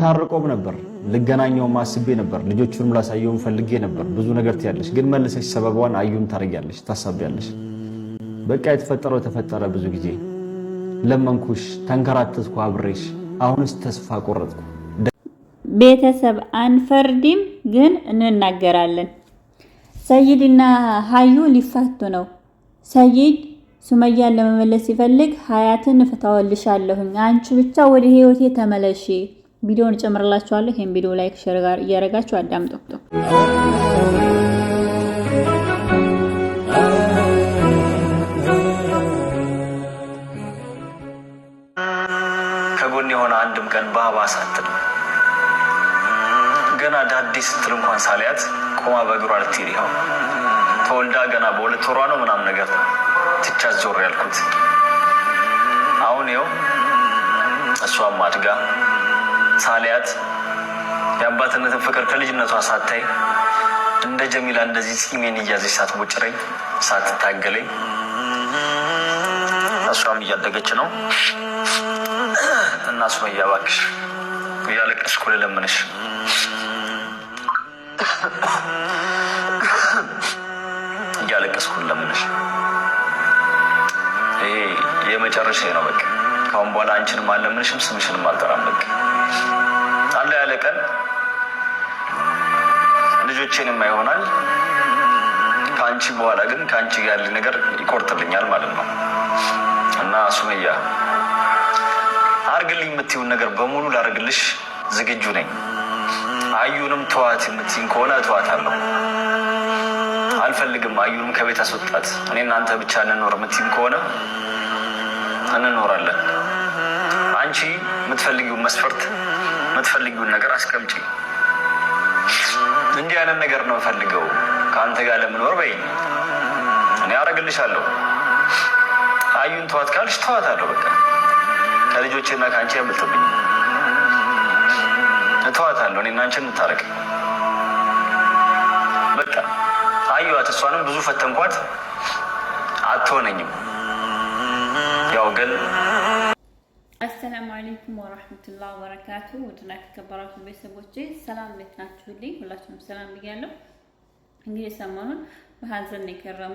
ታርቆም ነበር ልገናኘውም አስቤ ነበር። ልጆቹንም ላሳየውም ፈልጌ ነበር። ብዙ ነገር ትያለሽ፣ ግን መልሰሽ ሰበቧን አዩን ታረጊያለሽ፣ ታሳቢያለሽ። በቃ የተፈጠረው ተፈጠረ። ብዙ ጊዜ ለመንኩሽ፣ ተንከራተትኩ አብሬሽ። አሁንስ ተስፋ ቆረጥኩ። ቤተሰብ አንፈርድም፣ ግን እንናገራለን። ሰይድና ሀዩ ሊፋቱ ነው። ሰይድ ሱመያን ለመመለስ ሲፈልግ ሀያትን እፈታወልሻለሁኝ፣ አንቺ ብቻ ወደ ህይወቴ ተመለሺ ቪዲዮን እጨምርላችኋለሁ። ይህም ቪዲዮ ላይክ፣ ሸር ጋር እያደረጋችሁ አዳምጡ። ከጎን የሆነ አንድም ቀን በአባ ሳትል ገና ዳዲስ ስትል እንኳን ሳሊያት ቆማ በእግሯ ልትሄድ ይኸው ተወልዳ ገና በሁለት ወሯ ነው ምናምን ነገር ትቻት ዞር ያልኩት አሁን ይኸው እሷም አድጋ ሳሊያት የአባትነትን ፍቅር ከልጅነቷ ሳታይ እንደ ጀሚላ እንደዚህ ፂሜን እያዘች ሳትቦጭረኝ ሳትታገለኝ እሷም እያደገች ነው እና ሱመያ እባክሽ እያለቀስኩ ልለምንሽ እያለቀስኩ ልለምንሽ ይሄ የመጨረሻ ነው በቃ ካሁን በኋላ አንቺንም አለምንሽም ስምሽንም አልጠራም። በቃ አለ ያለ ቀን ልጆቼንም ይሆናል። ከአንቺ በኋላ ግን ከአንቺ ጋር ያለ ነገር ይቆርጥልኛል ማለት ነው እና ሱመያ አርግልኝ የምትይውን ነገር በሙሉ ላርግልሽ ዝግጁ ነኝ። አዩንም ተዋት የምትይኝ ከሆነ አለው አልፈልግም አዩንም ከቤት አስወጣት። እኔ እናንተ ብቻ እንኖር የምትይኝ ከሆነ እንኖራለን። አንቺ የምትፈልጊውን መስፈርት የምትፈልጊውን ነገር አስቀምጪ። እንዲህ አይነት ነገር ነው የምፈልገው ከአንተ ጋር ለምኖር በይ፣ እኔ አረግልሻለሁ። አዩን ተዋት ካልሽ ተዋት አለሁ። በቃ ከልጆችና ከአንቺ ያመልጥብኝ እተዋት አለሁ። እኔ እናንቺ እንታረቅ በቃ። አዩዋት፣ እሷንም ብዙ ፈተንኳት፣ አትሆነኝም ያው ግን አሰላሙ አለይኩም ወራህመቱላሂ ወበረካቱ ውድና የተከበራችሁ ቤተሰቦቼ ሰላም፣ እንዴት ናችሁልኝ? ሁላችሁም ሰላም ብያለሁ። እንግዲህ ሰሞኑን በሀዘን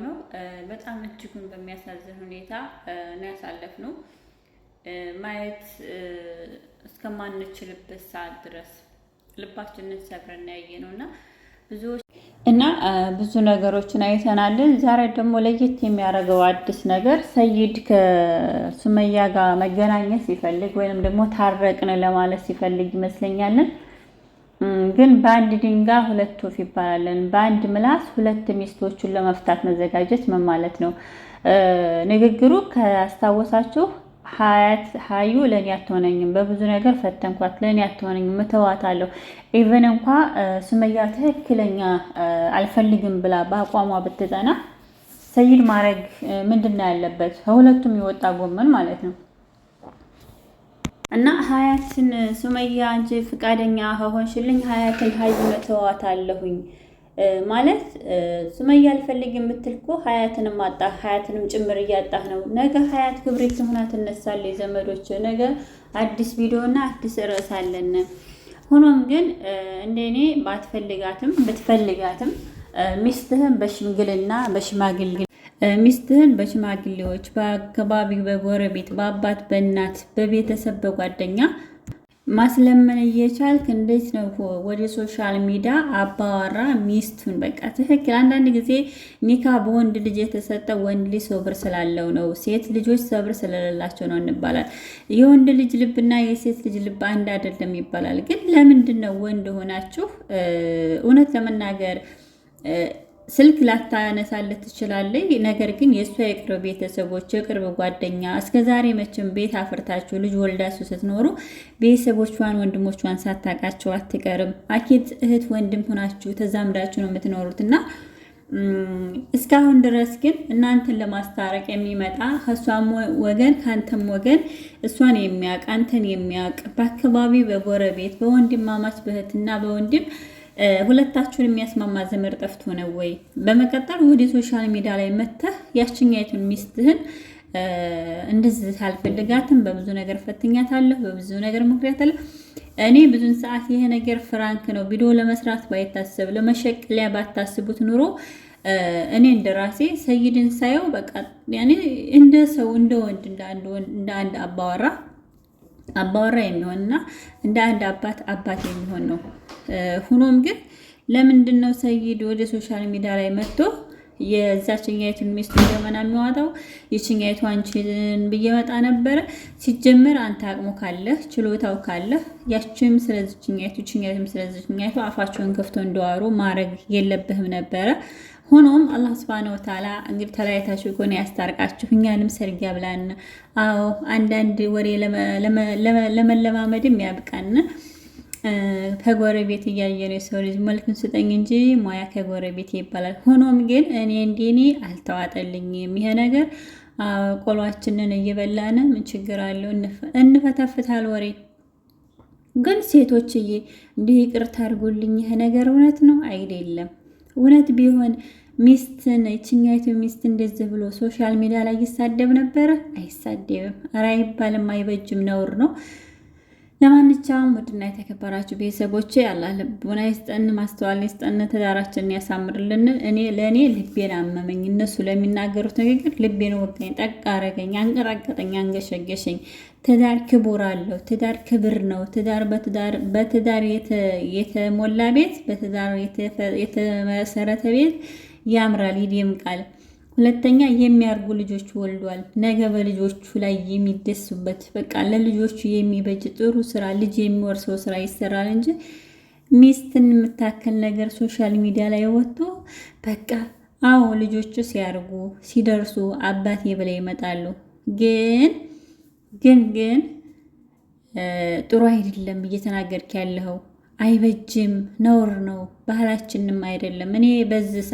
ነው በጣም እጅጉን በሚያሳዝን ሁኔታ ነው ያሳለፍነው። ማየት እስከማንችልበት ሰዓት ድረስ ልባችንን ሰብረን ያየነው እና ብዙዎች እና ብዙ ነገሮችን አይተናልን። ዛሬ ደግሞ ለየት የሚያደርገው አዲስ ነገር ሰይድ ከሱመያ ጋር መገናኘት ሲፈልግ ወይንም ደግሞ ታረቅን ለማለት ሲፈልግ ይመስለኛልን። ግን በአንድ ድንጋይ ሁለት ወፍ ይባላለን። በአንድ ምላስ ሁለት ሚስቶቹን ለመፍታት መዘጋጀት ምን ማለት ነው? ንግግሩ ካስታወሳችሁ ሀያት ሀዩ ለእኔ አትሆነኝም፣ በብዙ ነገር ፈተንኳት፣ ለእኔ አትሆነኝም፣ እተዋታለሁ። ኢቨን እንኳ ሱመያ ትክክለኛ አልፈልግም ብላ በአቋሟ ብትጠና ሰይድ ማድረግ ምንድን ነው ያለበት? ከሁለቱም የወጣ ጎመን ማለት ነው። እና ሀያትን ሱመያ አንቺ ፍቃደኛ ከሆንሽልኝ ሀያትን ሀዩ እተዋታለሁኝ ማለት ሱመያ አልፈልግ የምትል እኮ ሀያትንም አጣህ፣ ሀያትንም ጭምር እያጣህ ነው። ነገ ሀያት ክብሪት ሆና ትነሳለች። ዘመዶች ነገ አዲስ ቪዲዮና አዲስ ርዕስ አለን። ሆኖም ግን እንደኔ ባትፈልጋትም ብትፈልጋትም ሚስትህን በሽምግልና በሽማግሌ ሚስትህን በሽማግሌዎች በአካባቢ በጎረቤት በአባት በእናት በቤተሰብ በጓደኛ ማስለመን እየቻልክ እንዴት ነው ወደ ሶሻል ሚዲያ አባዋራ ሚስቱን በቃ ትክክል። አንዳንድ ጊዜ ኒካ በወንድ ልጅ የተሰጠ ወንድ ልጅ ሰብር ስላለው ነው፣ ሴት ልጆች ሰብር ስለሌላቸው ነው እንባላል። የወንድ ልጅ ልብና የሴት ልጅ ልብ አንድ አይደለም ይባላል። ግን ለምንድን ነው ወንድ ሆናችሁ እውነት ለመናገር ስልክ ላታነሳለት ትችላለች። ነገር ግን የእሷ የቅርብ ቤተሰቦች የቅርብ ጓደኛ እስከ ዛሬ መቼም ቤት አፍርታችሁ ልጅ ወልዳችሁ ስትኖሩ ቤተሰቦቿን ወንድሞቿን ሳታቃቸው አትቀርም። አኬት እህት ወንድም ሆናችሁ ተዛምዳችሁ ነው የምትኖሩት እና እስካሁን ድረስ ግን እናንተን ለማስታረቅ የሚመጣ ከእሷም ወገን ከአንተም ወገን እሷን የሚያውቅ አንተን የሚያውቅ በአካባቢ በጎረቤት በወንድማማች በእህትና በወንድም ሁለታችሁን የሚያስማማ ዘመድ ጠፍቶ ነው ወይ? በመቀጠል ወደ ሶሻል ሚዲያ ላይ መተህ ያችኛይቱን ሚስትህን እንደዚህ አልፈልጋትም፣ በብዙ ነገር ፈትኛታለሁ፣ በብዙ ነገር ምክንያት አለ። እኔ ብዙን ሰዓት ይሄ ነገር ፍራንክ ነው ቪዲዮ ለመስራት ባይታሰብ ለመሸቅሊያ ባታስቡት ኑሮ እኔ እንደ ራሴ ሰይድን ሳየው በቃ እንደ ሰው እንደ ወንድ እንደ አንድ አባወራ አባወራ የሚሆንና እንደ አንድ አባት አባት የሚሆን ነው። ሁኖም ግን ለምንድን ነው ሰይድ ወደ ሶሻል ሚዲያ ላይ መጥቶ የዛችኛይቱን ሚስቱ ገመና የሚዋጣው የችኛይቱ አንቺን ብየመጣ ነበረ። ሲጀመር አንተ አቅሙ ካለህ ችሎታው ካለህ ያችም ስለዚችኛይቱ ችኛይቱም ስለዚችኛይቱ አፋቸውን ከፍቶ እንደዋሩ ማድረግ የለብህም ነበረ። ሆኖም አላህ ስብሃነ ወተዓላ እንግዲህ ተለያይታችሁ ከሆነ ያስታርቃችሁ፣ እኛንም ሰርጊያ ብላን። አዎ አንዳንድ ወሬ ለመለማመድም ያብቃን። ከጎረቤት እያየ ነው የሰው ልጅ መልኩን ስጠኝ እንጂ ሙያ ከጎረቤት ይባላል። ሆኖም ግን እኔ እንዲኔ አልተዋጠልኝም ይሄ ነገር። ቆሏችንን እየበላን ምን ችግር አለው? እንፈተፍታል ወሬ ግን ሴቶችዬ፣ እንዲህ ይቅርታ አድርጉልኝ። ይህ ነገር እውነት ነው አይደለም። እውነት ቢሆን ሚስትን ይችኛይቱ ሚስት እንደዚህ ብሎ ሶሻል ሚዲያ ላይ ይሳደብ ነበረ? አይሳደብም። ኧረ አይባልም፣ አይበጅም፣ ነውር ነው። ለማንኛውም ውድና የተከበራችሁ ቤተሰቦች አላህ ቡና ይስጠን፣ ማስተዋል ይስጠን፣ ትዳራችንን ያሳምርልን። እኔ ለእኔ ልቤን አመመኝ። እነሱ ለሚናገሩት ንግግር ልቤን ወጋኝ፣ ጠቅ አረገኝ፣ አንቀራቀጠኝ፣ አንገሸገሸኝ። ትዳር ክቡር አለው። ትዳር ክብር ነው። ትዳር በትዳር የተሞላ ቤት፣ በትዳር የተመሰረተ ቤት ያምራል፣ ይደምቃል። ሁለተኛ የሚያርጉ ልጆች ወልዷል። ነገ በልጆቹ ላይ የሚደሱበት በቃ ለልጆቹ የሚበጅ ጥሩ ስራ ልጅ የሚወርሰው ስራ ይሰራል እንጂ ሚስትን የምታከል ነገር ሶሻል ሚዲያ ላይ ወጥቶ በቃ አዎ ልጆቹ ሲያርጉ ሲደርሱ አባቴ ብለው ይመጣሉ። ግን ግን ግን ጥሩ አይደለም እየተናገርክ ያለኸው አይበጅም፣ ነውር ነው፣ ባህላችንም አይደለም። እኔ በዚህ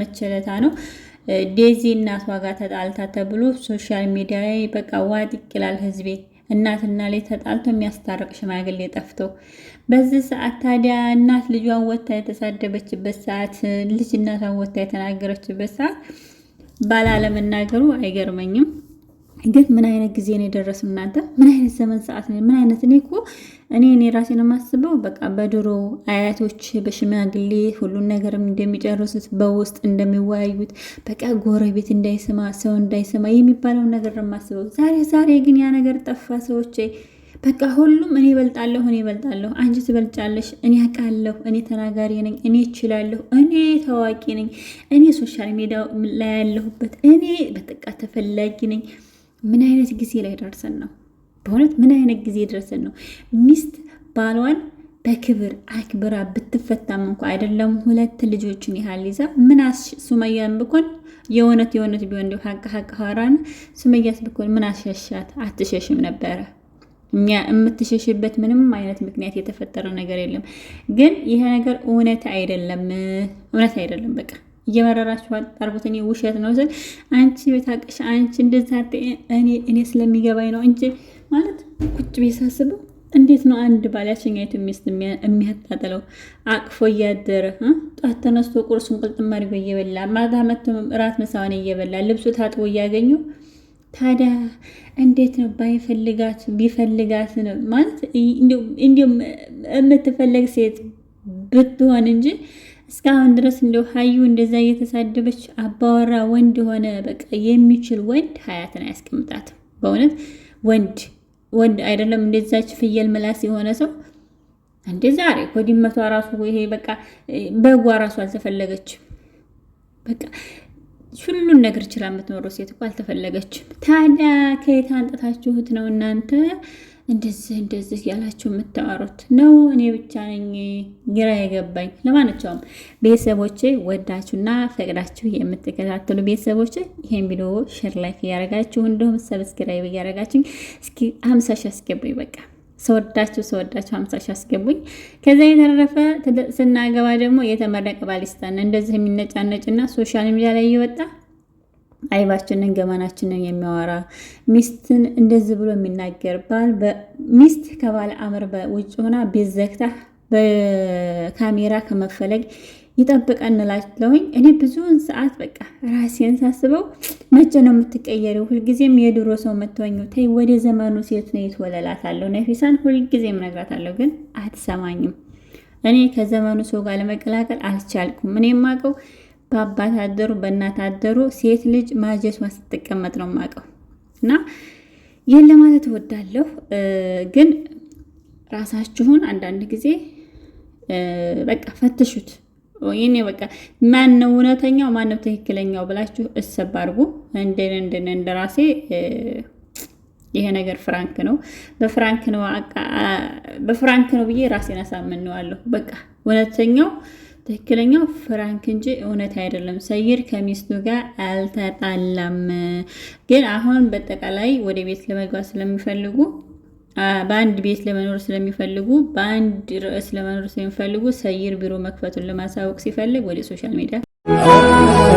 መቸለታ ነው ዴዚ እናቷ ጋር ተጣልታ ተብሎ ሶሻል ሚዲያ ላይ በቃ ዋጥ ይላል ህዝቤ። እናትና ልጅ ተጣልቶ የሚያስታርቅ ሽማግሌ ጠፍቶ፣ በዚህ ሰዓት ታዲያ እናት ልጇን ወታ የተሳደበችበት ሰዓት፣ ልጅ እናቷን ወታ የተናገረችበት ሰዓት ባላለመናገሩ አይገርመኝም። ግን ምን አይነት ጊዜ ነው የደረሱ እናንተ? ምን አይነት ዘመን ሰዓት ነው? ምን አይነት እኔ እኮ እኔ እኔ ነው የማስበው በቃ በድሮ አያቶች በሽማግሌ ሁሉን ነገር እንደሚጨርሱት በውስጥ እንደሚወያዩት በቃ ጎረቤት እንዳይሰማ ሰው እንዳይሰማ የሚባለው ነገር ነው የማስበው። ዛሬ ዛሬ ግን ያ ነገር ጠፋ። ሰዎች በቃ ሁሉም እኔ እበልጣለሁ፣ እኔ እበልጣለሁ፣ አንቺ ትበልጫለሽ፣ እኔ አውቃለሁ፣ እኔ ተናጋሪ ነኝ፣ እኔ እችላለሁ፣ እኔ ታዋቂ ነኝ፣ እኔ ሶሻል ሚዲያ ላይ ያለሁበት፣ እኔ በጥቃት ተፈላጊ ነኝ። ምን አይነት ጊዜ ላይ ደርሰን ነው? በእውነት ምን አይነት ጊዜ ደረሰን ነው? ሚስት ባሏን በክብር አክብራ ብትፈታም እንኳ አይደለም ሁለት ልጆችን ያህል ይዛ ምናስ ሱመያን ብኮን የእውነት የእውነት ቢሆን እንዲ ሀቅ ሀቅ ሀራን ሱመያስ ብኮን ምን አሸሻት? አትሸሽም ነበረ። እኛ የምትሸሽበት ምንም አይነት ምክንያት የተፈጠረ ነገር የለም። ግን ይሄ ነገር እውነት አይደለም፣ እውነት አይደለም። በቃ እየመረራችሁ አጣርቦት እኔ ውሸት ነው ስል አንቺ ቤታቀሽ አንቺ እንደዛ እኔ ስለሚገባኝ ነው እንጂ ማለት ቁጭ ብዬ ሳስበው እንዴት ነው አንድ ባል ሚስት የሚያጣጥለው? አቅፎ እያደረ ጧት ተነስቶ ቁርሱን ቅልጥም አድርጎ እየበላ ማታ መቶ እራት ምሳውን እየበላ ልብሱ ታጥቦ እያገኙ ታዲያ እንዴት ነው ባይፈልጋት ቢፈልጋት ነው ማለት እንዲሁም የምትፈለግ ሴት ብትሆን እንጂ እስካሁን ድረስ እንደው ሀዩ እንደዛ እየተሳደበች አባወራ ወንድ ሆነ በቃ የሚችል ወንድ ሀያትን አያስቀምጣትም። በእውነት ወንድ ወንድ አይደለም እንደዛች ፍየል ምላስ የሆነ ሰው እንደ ዛሬ እኮ ራሱ ይሄ በቃ በጓ ራሱ አልተፈለገችም። በቃ ሁሉን ነገር ችላ የምትኖረው ሴት እኮ አልተፈለገችም። ታዲያ ከየት አንጠታችሁት ነው እናንተ? እንደዚህ እንደዚህ ያላችሁ የምታወሩት ነው። እኔ ብቻ ነኝ ግራ የገባኝ። ለማንኛውም ቤተሰቦች ወዳችሁና ፈቅዳችሁ የምትከታተሉ ቤተሰቦች ይሄን ቪዲዮ ሼር ላይክ እያደረጋችሁ እንዲሁም ሰብስክራይብ እያደረጋችሁ እስኪ ሀምሳ ሺ አስገቡኝ። በቃ ሰወዳችሁ ሰወዳችሁ ሀምሳ ሺ አስገቡኝ። ከዛ የተረፈ ስናገባ ደግሞ የተመረቀ ባሊስታን እንደዚህ የሚነጫነጭና ሶሻል ሚዲያ ላይ እየወጣ አይባችንን ገመናችንን የሚያወራ ሚስትን እንደዚህ ብሎ የሚናገር ባል ሚስት ከባለ አምር ውጭ ሆና ቤት ዘግታ በካሜራ ከመፈለግ ይጠብቀ እንላለውኝ። እኔ ብዙውን ሰዓት በቃ ራሴን ሳስበው መቼ ነው የምትቀየሪው? ሁልጊዜም የድሮ ሰው መተወኙ ተይ፣ ወደ ዘመኑ ሴት ነው የተወለላታለሁ። ነፊሳን ሁልጊዜም እነግራታለሁ፣ ግን አትሰማኝም። እኔ ከዘመኑ ሰው ጋር ለመቀላቀል አልቻልኩም። እኔ የማውቀው በአባት አደሩ በእናት አደሩ ሴት ልጅ ማጀቷ ስትቀመጥ ነው የማውቀው። እና ይህን ለማለት እወዳለሁ። ግን ራሳችሁን አንዳንድ ጊዜ በቃ ፈትሹት። ይኔ በቃ ማን ነው እውነተኛው ማን ነው ትክክለኛው ብላችሁ እሰብ አድርጉ። እንደን እንደን እንደ ራሴ ይሄ ነገር ፍራንክ ነው በፍራንክ ነው በፍራንክ ነው ብዬ ራሴን አሳምነዋለሁ። በቃ እውነተኛው ትክክለኛው ፍራንክ እንጂ እውነት አይደለም። ሰይድ ከሚስቱ ጋር አልተጣላም። ግን አሁን በአጠቃላይ ወደ ቤት ለመግባት ስለሚፈልጉ በአንድ ቤት ለመኖር ስለሚፈልጉ በአንድ ርዕስ ለመኖር ስለሚፈልጉ ሰይድ ቢሮ መክፈቱን ለማሳወቅ ሲፈልግ ወደ ሶሻል ሚዲያ